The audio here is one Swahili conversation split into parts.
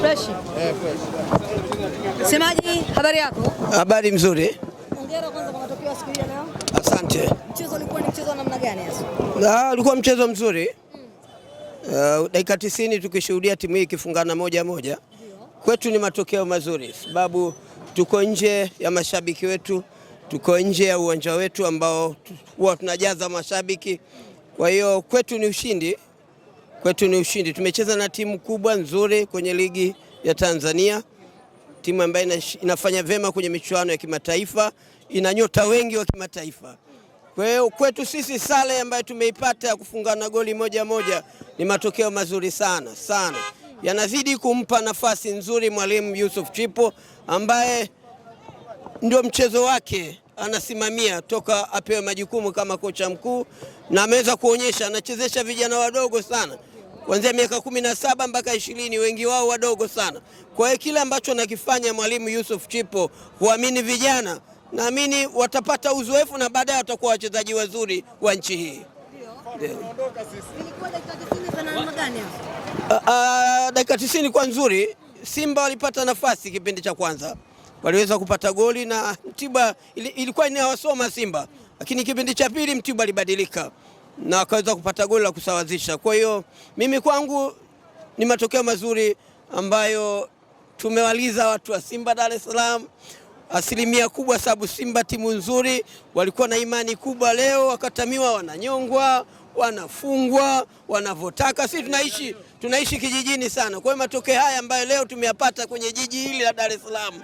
Fresh. Eh, fresh. Semaji, habari yako? Habari mzuri. Hongera kwanza kwa matokeo siku ya leo. Asante. Mchezo ulikuwa ni mchezo namna gani hasa? Ah, ulikuwa mchezo mzuri. Mm. Uh, dakika 90 tukishuhudia timu hii ikifungana moja moja. Kwetu ni matokeo mazuri sababu tuko nje ya mashabiki wetu, tuko nje ya uwanja wetu ambao huwa tunajaza mashabiki. Kwa hiyo kwetu ni ushindi kwetu ni ushindi. Tumecheza na timu kubwa nzuri kwenye ligi ya Tanzania, timu ambayo inafanya vyema kwenye michuano ya kimataifa, ina nyota wengi wa kimataifa. Kwa hiyo kwetu sisi sare ambayo tumeipata ya na goli moja moja ni matokeo mazuri sana sana, yanazidi kumpa nafasi nzuri mwalimu Yusuf Chipo ambaye ndio mchezo wake anasimamia toka apewe majukumu kama kocha mkuu, na ameweza kuonyesha anachezesha vijana wadogo sana kuanzia miaka kumi na saba mpaka ishirini, wengi wao wadogo sana. Kwa hiyo kile ambacho nakifanya Mwalimu Yusuf Chipo huamini vijana, naamini watapata uzoefu na baadaye watakuwa wachezaji wazuri wa nchi hii. Dakika tisini ah, ah, kwa nzuri, Simba walipata nafasi kipindi cha kwanza waliweza kupata goli na Mtibwa ilikuwa inawasoma Simba, lakini kipindi cha pili Mtibwa alibadilika na wakaweza kupata goli la kusawazisha. Kwa hiyo mimi kwangu ni matokeo mazuri ambayo tumewaliza watu wa Simba Dar es Salaam, asilimia kubwa, sababu Simba timu nzuri, walikuwa na imani kubwa. Leo wakatamiwa, wananyongwa, wanafungwa wanavyotaka. Sisi tunaishi tunaishi kijijini sana, kwa hiyo matokeo haya ambayo leo tumeyapata kwenye jiji hili la Dar es Salaam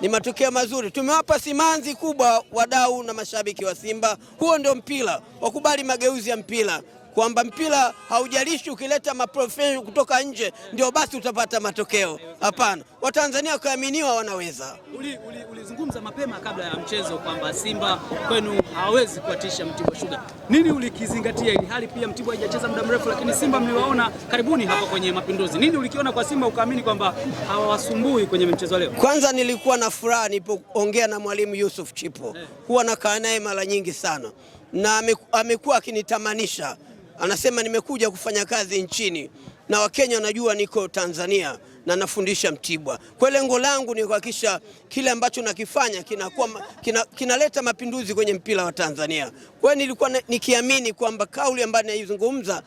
ni matokeo mazuri. Tumewapa simanzi kubwa wadau na mashabiki wa Simba. Huo ndio mpira, wakubali mageuzi ya mpira kwamba mpira haujalishi ukileta maprofessional kutoka nje ndio basi utapata matokeo. Hapana, Watanzania wakaaminiwa wanaweza. Ulizungumza uli, uli mapema kabla ya mchezo kwamba Simba kwenu hawawezi kuwatisha Mtibwa Sugar. Nini ulikizingatia ili hali pia Mtibwa haijacheza muda mrefu, lakini Simba mliwaona karibuni hapa kwenye Mapinduzi. Nini ulikiona kwa Simba ukaamini kwamba hawawasumbui kwenye mchezo leo? Kwanza nilikuwa na furaha nilipoongea na mwalimu Yusuf Chipo, eh. huwa nakaa naye mara nyingi sana na amekuwa akinitamanisha anasema nimekuja kufanya kazi nchini na Wakenya wanajua niko Tanzania na nafundisha Mtibwa. Kwa lengo langu ni kuhakikisha kile ambacho nakifanya kinakuwa kina, kinaleta mapinduzi kwenye mpira wa Tanzania. Kwa hiyo nilikuwa nikiamini kwamba kauli ambayo naizungumza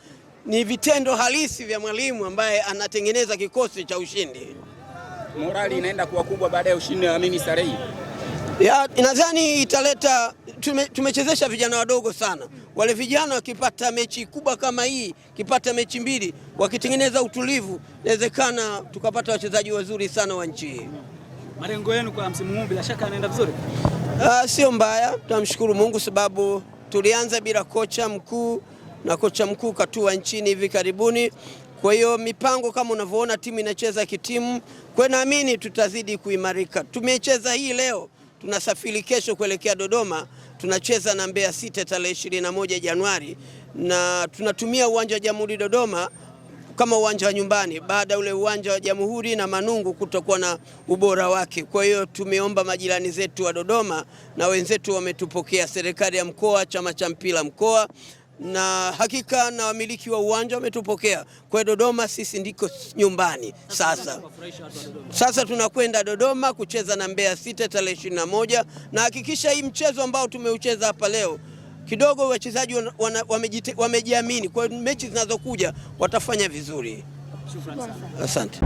ni vitendo halisi vya mwalimu ambaye anatengeneza kikosi cha ushindi. Morali inaenda kuwa kubwa baada ya ushindi wa mimi Sarei. Ya nadhani italeta tume, tumechezesha vijana wadogo sana. Wale vijana wakipata mechi kubwa kama hii, kipata mechi mbili, wakitengeneza utulivu, inawezekana tukapata wachezaji wazuri sana wa nchi hii. Malengo yenu kwa msimu huu bila shaka yanaenda vizuri? Uh, sio mbaya, tunamshukuru Mungu sababu tulianza bila kocha mkuu na kocha mkuu katua nchini hivi karibuni. Kwa hiyo mipango kama unavyoona timu inacheza kitimu, kwa naamini tutazidi kuimarika. Tumecheza hii leo, tunasafiri kesho kuelekea Dodoma tunacheza na Mbeya City tarehe 21 Januari na tunatumia uwanja wa Jamhuri Dodoma kama uwanja wa nyumbani baada ya ule uwanja wa Jamhuri na Manungu kutokuwa na ubora wake. Kwa hiyo tumeomba majirani zetu wa Dodoma na wenzetu wametupokea, serikali ya mkoa, chama cha mpira mkoa na hakika na wamiliki wa uwanja wametupokea. Kwa Dodoma sisi ndiko nyumbani sasa. Sasa tunakwenda Dodoma kucheza na Mbeya City tarehe ishirini na moja na hakikisha hii mchezo ambao tumeucheza hapa leo kidogo wachezaji wamejiamini, kwa mechi zinazokuja watafanya vizuri. Asante.